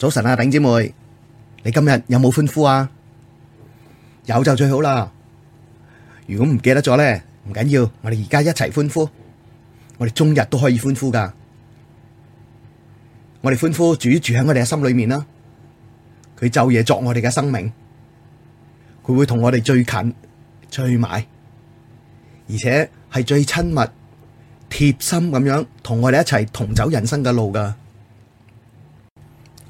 早晨啊，頂姐妹，你今日有冇歡呼啊？有就最好啦。如果唔記得咗咧，唔緊要，我哋而家一齊歡呼。我哋終日都可以歡呼噶。我哋歡呼主住喺我哋嘅心裏面啦。佢晝夜作我哋嘅生命，佢會同我哋最近最埋，而且係最親密、貼心咁樣同我哋一齊同走人生嘅路噶。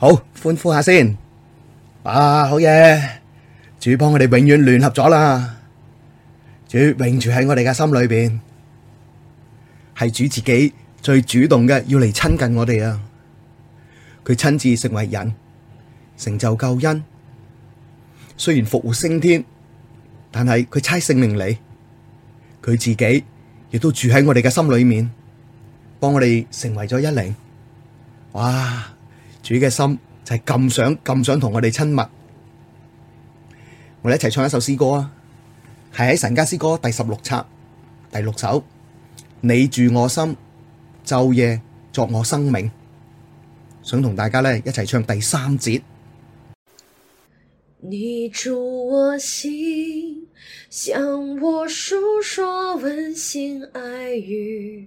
好，歡呼下先。啊，好嘢！主幫我哋永遠聯合咗啦，主永住喺我哋嘅心裏邊，係主自己最主動嘅，要嚟親近我哋啊！佢親自成為人，成就救恩。雖然復活升天，但係佢差性命嚟，佢自己亦都住喺我哋嘅心裏面，幫我哋成為咗一靈。哇！主嘅心就係咁想咁想同我哋親密，我哋一齊唱一首詩歌啊！係喺《神家詩歌》第十六冊第六首，《你住我心》，晝夜作我生命。想同大家咧一齊唱第三節。你住我心，向我訴說溫馨愛語。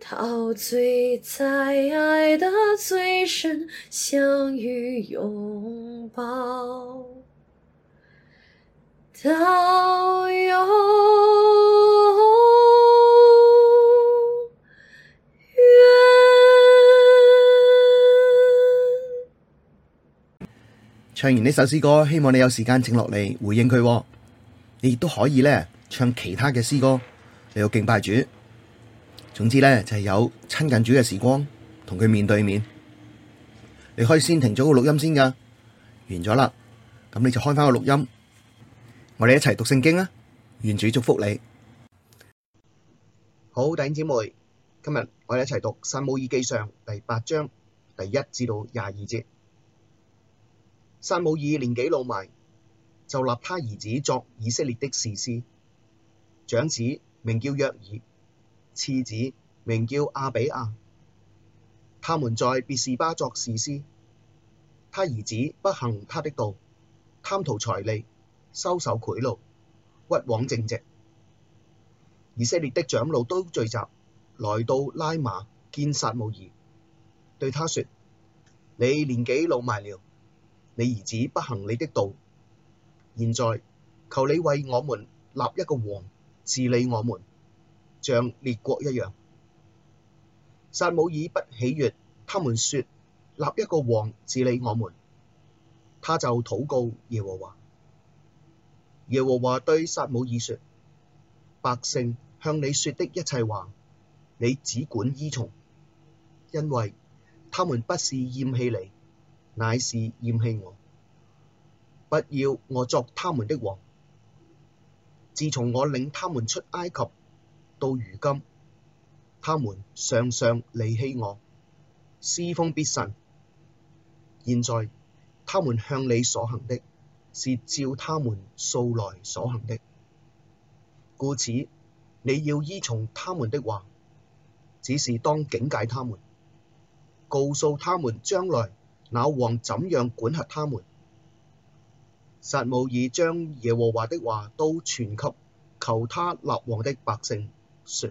陶醉在愛的最深，相遇擁抱到永遠。唱完呢首詩歌，希望你有時間請落嚟回應佢喎。你亦都可以呢唱其他嘅詩歌你有敬拜主。總之咧，就係有親近主嘅時光，同佢面對面。你可以先停咗個錄音先噶，完咗啦，咁你就開翻個錄音，我哋一齊讀聖經啊！願主祝福你。好，弟兄姊妹，今日我哋一齊讀《撒母耳記上》第八章第一至到廿二節。撒母耳年紀老邁，就立他兒子作以色列的士師，長子名叫約珥。次子名叫亞比亞，他們在別是巴作士師。他兒子不行他的道，貪圖財利，收受賄賂，屈枉正直。以色列的長老都聚集，來到拉馬見撒母耳，對他說：你年紀老邁了，你兒子不行你的道，現在求你為我們立一個王治理我們。像列國一樣，撒母耳不喜悅，他們說立一個王治理我們，他就禱告耶和華。耶和華對撒母耳說：百姓向你說的一切話，你只管依從，因為他們不是厭棄你，乃是厭棄我。不要我作他們的王，自從我領他們出埃及。到如今，他們常常離棄我，事奉別神。現在他們向你所行的，是照他們素來所行的。故此，你要依從他們的話，只是當警戒他們，告訴他們將來那王怎樣管轄他們。撒母耳將耶和華的話都傳給求他立王的百姓。說，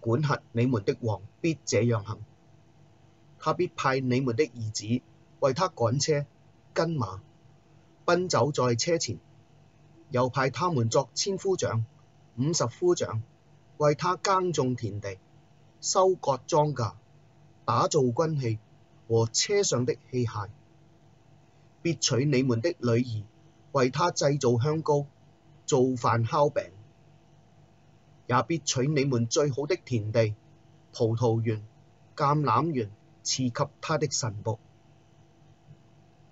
管轄你們的王必這樣行，他必派你們的兒子為他趕車、跟馬，奔走在車前，又派他們作千夫長、五十夫長，為他耕種田地、收割莊稼、打造軍器和車上的器械，必取你們的女兒為他製造香膏、做飯烤餅。也必取你們最好的田地、葡萄園、橄欖園，賜給他的臣僕。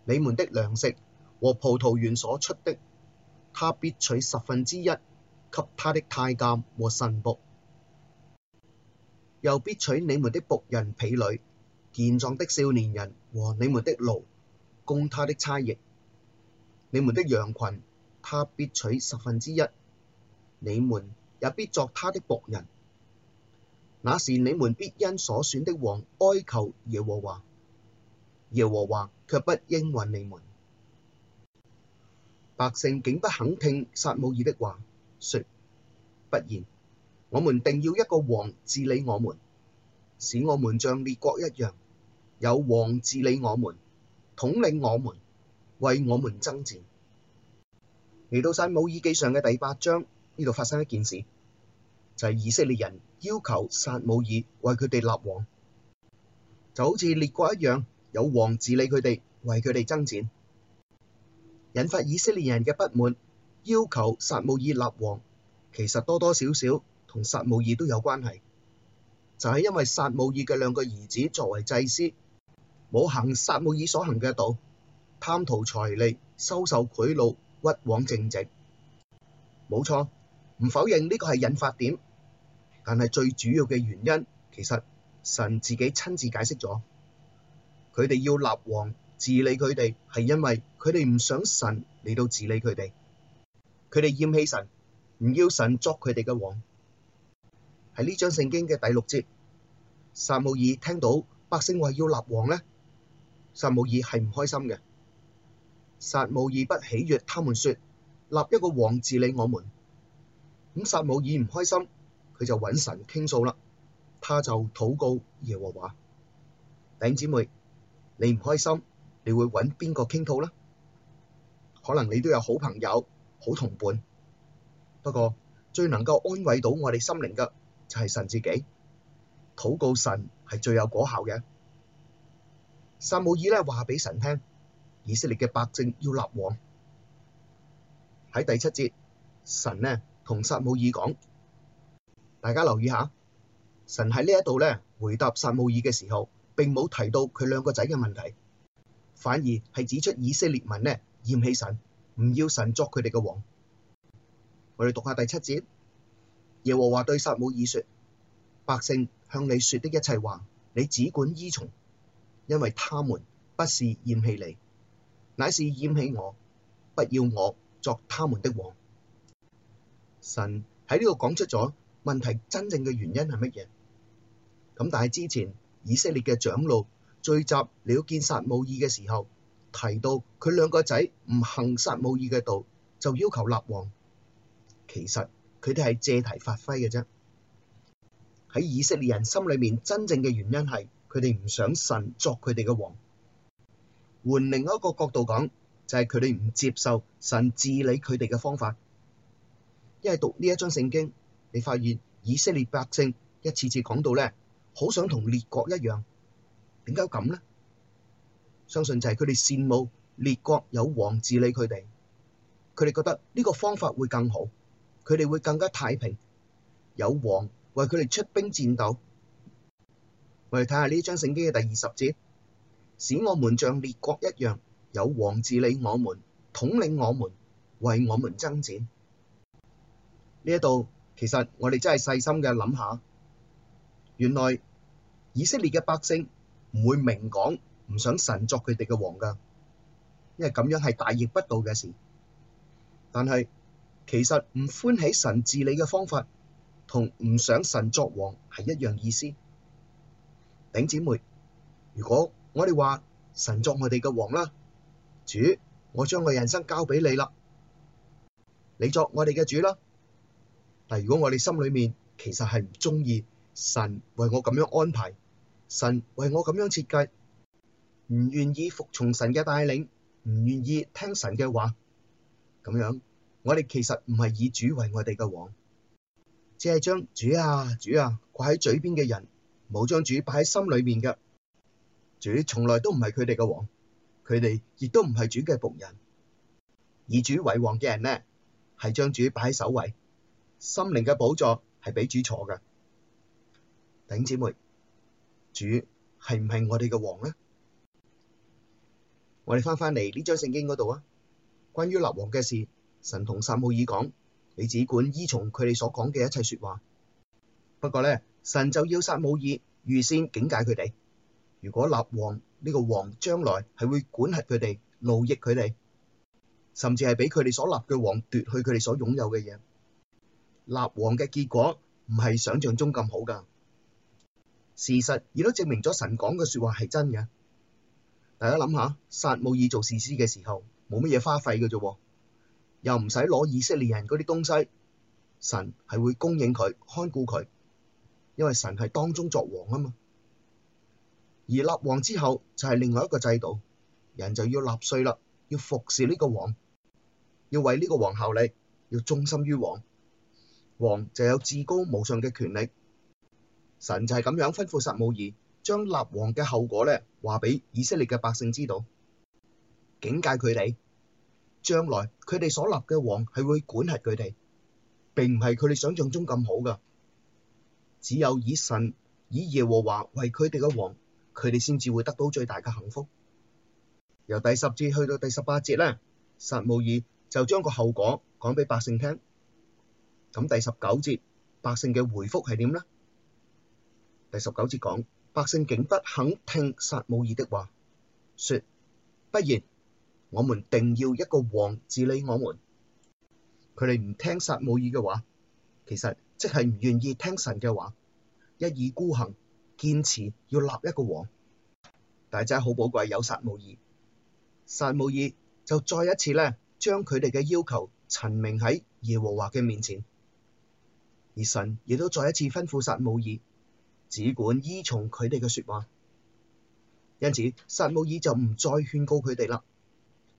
你們的糧食和葡萄園所出的，他必取十分之一給他的太監和臣僕。又必取你們的僕人、婢女、健壯的少年人和你們的驢，供他的差役。你們的羊群，他必取十分之一，你們，也必作他的僕人，那時你們必因所選的王哀求耶和華，耶和華卻不應允你們。百姓竟不肯聽撒母耳的話，說：不然，我們定要一個王治理我們，使我們像列國一樣，有王治理我們，統領我們，為我們爭戰。嚟到撒母耳記上嘅第八章呢度發生一件事。就係以色列人要求撒母耳為佢哋立王，就好似列國一樣有王治理佢哋，為佢哋爭戰，引發以色列人嘅不滿，要求撒母耳立王。其實多多少少同撒母耳都有關係，就係、是、因為撒母耳嘅兩個兒子作為祭司，冇行撒母耳所行嘅道，貪圖財利，收受賄賂，屈枉正直，冇錯。唔否認呢個係引發點，但係最主要嘅原因，其實神自己親自解釋咗，佢哋要立王治理佢哋，係因為佢哋唔想神嚟到治理佢哋，佢哋厭棄神，唔要神作佢哋嘅王。喺呢章聖經嘅第六節，撒母耳聽到百姓話要立王呢，撒母耳係唔開心嘅。撒母耳不喜悦，他們說立一個王治理我們。咁撒母耳唔開心，佢就揾神傾訴啦。他就禱告耶和華。弟姊妹，你唔開心，你會揾邊個傾吐呢？可能你都有好朋友、好同伴，不過最能夠安慰到我哋心靈嘅就係神自己。禱告神係最有果效嘅。撒母耳呢話俾神聽，以色列嘅百姓要立王。喺第七節，神呢？同撒母耳講，大家留意下，神喺呢一度咧回答撒母耳嘅時候，並冇提到佢兩個仔嘅問題，反而係指出以色列民呢厭棄神，唔要神作佢哋嘅王。我哋讀下第七節，耶和華對撒母耳說：百姓向你說的一切話，你只管依從，因為他們不是厭棄你，乃是厭棄我，不要我作他們的王。神喺呢度講出咗問題真正嘅原因係乜嘢？咁但係之前以色列嘅長老聚集嚟到見撒母耳嘅時候，提到佢兩個仔唔行撒母耳嘅道，就要求立王。其實佢哋係借題發揮嘅啫。喺以色列人心裏面真正嘅原因係佢哋唔想神作佢哋嘅王。換另一個角度講，就係佢哋唔接受神治理佢哋嘅方法。一係讀呢一章聖經，你發現以色列百姓一次次講到咧，好想同列國一樣。點解咁呢？相信就係佢哋羨慕列國有王治理佢哋，佢哋覺得呢個方法會更好，佢哋會更加太平，有王為佢哋出兵戰鬥。我哋睇下呢一章聖經嘅第二十節，使我們像列國一樣，有王治理我們，統領我們，為我們爭戰。呢度，其實我哋真係細心嘅諗下，原來以色列嘅百姓唔會明講唔想神作佢哋嘅王㗎，因為咁樣係大逆不道嘅事。但係其實唔歡喜神治理嘅方法，同唔想神作王係一樣意思。頂姐妹，如果我哋話神作我哋嘅王啦，主，我將我人生交俾你啦，你作我哋嘅主啦。但如果我哋心裏面其實係唔鍾意神為我咁樣安排，神為我咁樣設計，唔願意服從神嘅帶領，唔願意聽神嘅話，咁樣我哋其實唔係以主為我哋嘅王，只係將主啊主啊掛喺嘴邊嘅人，冇將主擺喺心裏面㗎，主從來都唔係佢哋嘅王，佢哋亦都唔係主嘅僕人，以主為王嘅人呢，係將主擺喺首位。心靈嘅寶座係俾主坐嘅，弟兄姐妹，主係唔係我哋嘅王呢？我哋翻返嚟呢張聖經嗰度啊，關於立王嘅事，神同撒母耳講：你只管依從佢哋所講嘅一切說話。不過咧，神就要撒母耳預先警戒佢哋，如果立王呢、呢個王將來係會管轄佢哋、奴役佢哋，甚至係俾佢哋所立嘅王奪去佢哋所擁有嘅嘢。立王嘅結果唔係想象中咁好噶，事實亦都證明咗神講嘅說話係真嘅。大家諗下，撒母耳做士師嘅時候冇乜嘢花費嘅啫，又唔使攞以色列人嗰啲東西，神係會供應佢看顧佢，因為神係當中作王啊嘛。而立王之後就係另外一個制度，人就要納稅啦，要服侍呢個王，要為呢個王效力，要忠心於王。王就有至高無上嘅權力，神就係咁樣吩咐撒母耳，將立王嘅後果呢話俾以色列嘅百姓知道，警戒佢哋將來佢哋所立嘅王係會管轄佢哋，並唔係佢哋想象中咁好㗎。只有以神以耶和華為佢哋嘅王，佢哋先至會得到最大嘅幸福。由第十節去到第十八節呢，撒母耳就將個後果講俾百姓聽。咁第十九節百姓嘅回覆係點呢？第十九節講，百姓竟不肯聽撒母耳的話，說不然，我們定要一個王治理我們。佢哋唔聽撒母耳嘅話，其實即係唔願意聽神嘅話，一意孤行，堅持要立一個王。但係好寶貴，有撒母耳，撒母耳就再一次呢，將佢哋嘅要求陳明喺耶和華嘅面前。而神亦都再一次吩咐撒母耳，只管依從佢哋嘅說話。因此，撒母耳就唔再勸告佢哋啦，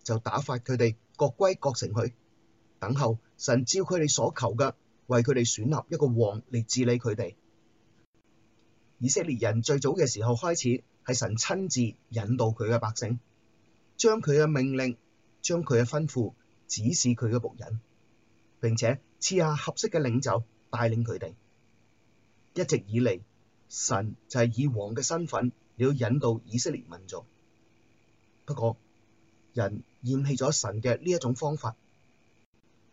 就打發佢哋各歸各城去，等候神照佢哋所求嘅，為佢哋選立一個王嚟治理佢哋。以色列人最早嘅時候開始，係神親自引導佢嘅百姓，將佢嘅命令、將佢嘅吩咐指示佢嘅僕人，並且賜下合適嘅領袖。帶領佢哋一直以嚟，神就係以王嘅身份要引導以色列民族。不過人厭棄咗神嘅呢一種方法，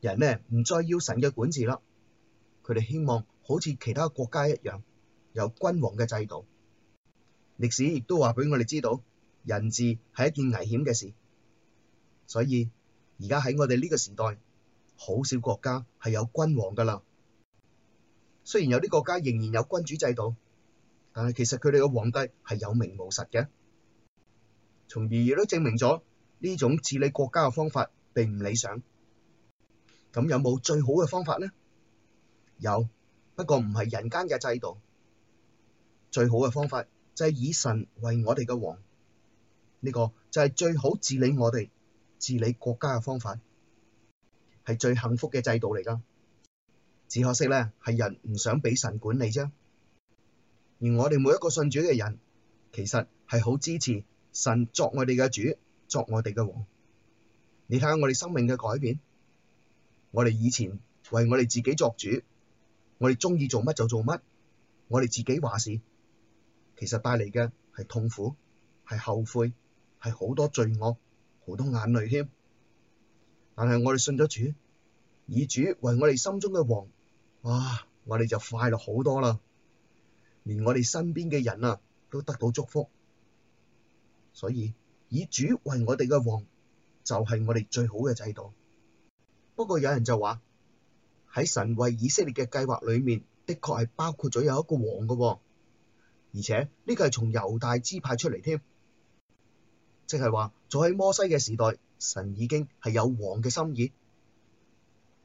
人呢，唔再要神嘅管治啦。佢哋希望好似其他國家一樣有君王嘅制度。歷史亦都話俾我哋知道，人治係一件危險嘅事。所以而家喺我哋呢個時代，好少國家係有君王噶啦。雖然有啲國家仍然有君主制度，但係其實佢哋嘅皇帝係有名無實嘅，從而亦都證明咗呢種治理國家嘅方法並唔理想。咁有冇最好嘅方法呢？有，不過唔係人間嘅制度。最好嘅方法就係以神為我哋嘅王，呢、這個就係最好治理我哋、治理國家嘅方法，係最幸福嘅制度嚟噶。只可惜咧，係人唔想俾神管理啫。而我哋每一個信主嘅人，其實係好支持神作我哋嘅主，作我哋嘅王。你睇下我哋生命嘅改變，我哋以前為我哋自己作主，我哋中意做乜就做乜，我哋自己話事，其實帶嚟嘅係痛苦、係後悔、係好多罪惡、好多眼淚添。但係我哋信咗主，以主為我哋心中嘅王。哇、啊！我哋就快樂好多啦，連我哋身邊嘅人啊都得到祝福。所以以主為我哋嘅王，就係、是、我哋最好嘅制度。不過有人就話，喺神為以色列嘅計劃裏面，的確係包括咗有一個王嘅，哦，而且呢、這個係從猶大支派出嚟添，即係話早喺摩西嘅時代，神已經係有王嘅心意。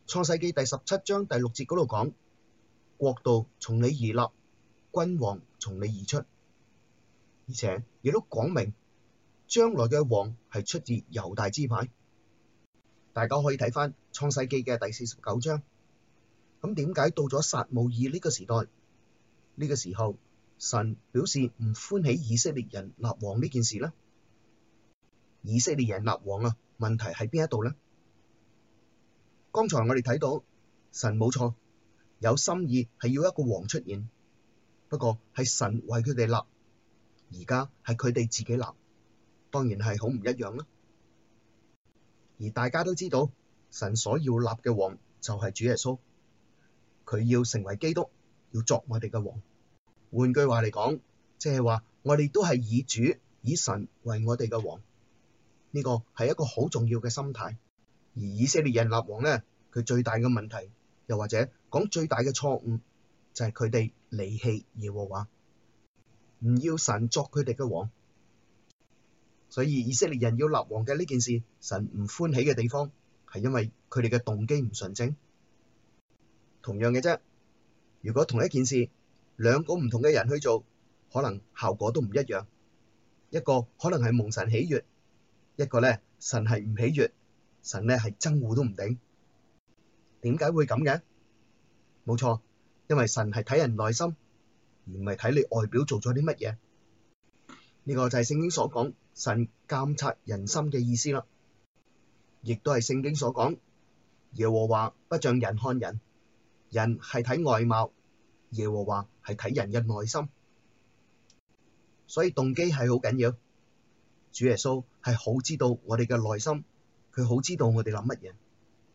創世紀第十七章第六節嗰度講，國度從你而立，君王從你而出，而且亦都講明，將來嘅王係出自猶大支派。大家可以睇翻創世紀嘅第四十九章。咁點解到咗撒母耳呢個時代，呢個時候神表示唔歡喜以色列人立王呢件事呢？以色列人立王啊，問題喺邊一度呢？剛才我哋睇到神冇錯，有心意係要一個王出現，不過係神為佢哋立，而家係佢哋自己立，當然係好唔一樣啦。而大家都知道，神所要立嘅王就係主耶穌，佢要成為基督，要作我哋嘅王。換句話嚟講，即係話我哋都係以主、以神為我哋嘅王，呢、這個係一個好重要嘅心態。而以色列人立王呢，佢最大嘅問題，又或者講最大嘅錯誤，就係佢哋離棄耶和華，唔要神作佢哋嘅王。所以以色列人要立王嘅呢件事，神唔歡喜嘅地方，係因為佢哋嘅動機唔純正。同樣嘅啫，如果同一件事，兩個唔同嘅人去做，可能效果都唔一樣。一個可能係蒙神喜悦，一個呢，神係唔喜悦。神呢係憎惡都唔頂，點解會咁嘅？冇錯，因為神係睇人內心，而唔係睇你外表做咗啲乜嘢。呢個就係聖經所講神監察人心嘅意思啦。亦都係聖經所講，耶和華不像人看人，人係睇外貌，耶和華係睇人嘅內心。所以動機係好緊要。主耶穌係好知道我哋嘅內心。佢好知道我哋諗乜嘢，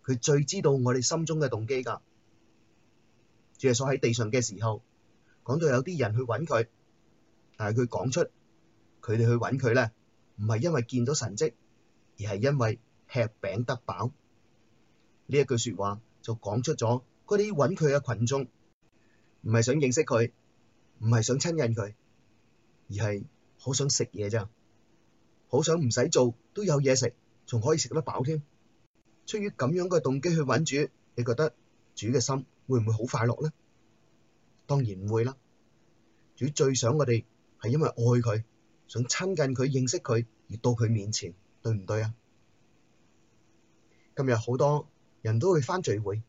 佢最知道我哋心中嘅動機噶。主耶穌喺地上嘅時候，講到有啲人去揾佢，但係佢講出佢哋去揾佢咧，唔係因為見到神蹟，而係因為吃餅得飽。呢一句說話就講出咗嗰啲揾佢嘅群眾，唔係想認識佢，唔係想親近佢，而係好想食嘢咋，好想唔使做都有嘢食。仲可以食得飽添，出於咁樣嘅動機去揾主，你覺得主嘅心會唔會好快樂咧？當然唔會啦，主最想我哋係因為愛佢，想親近佢、認識佢而到佢面前，對唔對啊？今日好多人都去翻聚會，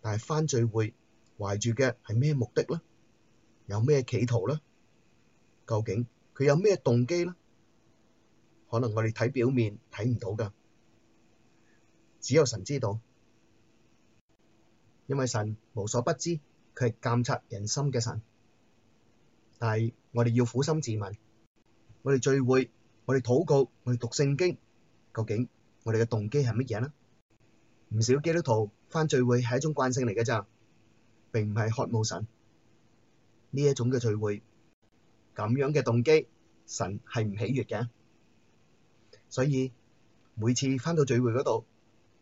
但係翻聚會懷住嘅係咩目的咧？有咩企圖咧？究竟佢有咩動機咧？可能我哋睇表面睇唔到噶，只有神知道，因為神無所不知，佢係監察人心嘅神。但係我哋要苦心自問，我哋聚會、我哋禱告、我哋讀聖經，究竟我哋嘅動機係乜嘢呢？唔少基督徒返聚會係一種慣性嚟嘅咋，並唔係渴慕神。呢一種嘅聚會，咁樣嘅動機，神係唔喜悅嘅。所以每次翻到聚會嗰度，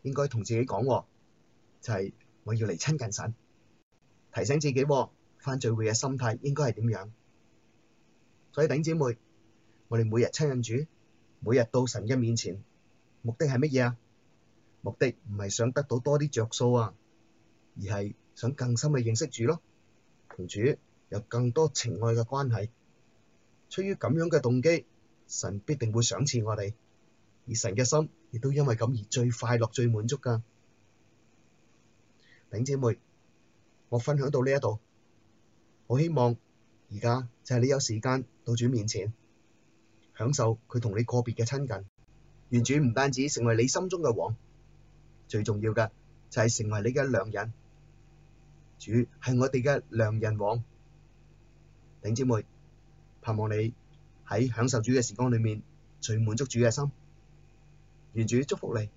應該同自己講就係、是、我要嚟親近神，提醒自己翻、哦、聚會嘅心態應該係點樣。所以弟姊妹，我哋每日親近主，每日到神嘅面前，目的係乜嘢啊？目的唔係想得到多啲着數啊，而係想更深嘅認識主咯，同主有更多情愛嘅關係。出於咁樣嘅動機，神必定會賞賜我哋。而神嘅心亦都因為咁而最快樂、最滿足㗎。頂姐妹，我分享到呢一度，我希望而家就係你有時間到主面前享受佢同你個別嘅親近。願主唔單止成為你心中嘅王，最重要嘅就係成為你嘅良人。主係我哋嘅良人王。頂姐妹，盼望你喺享受主嘅時光裏面，最滿足主嘅心。願主祝福你。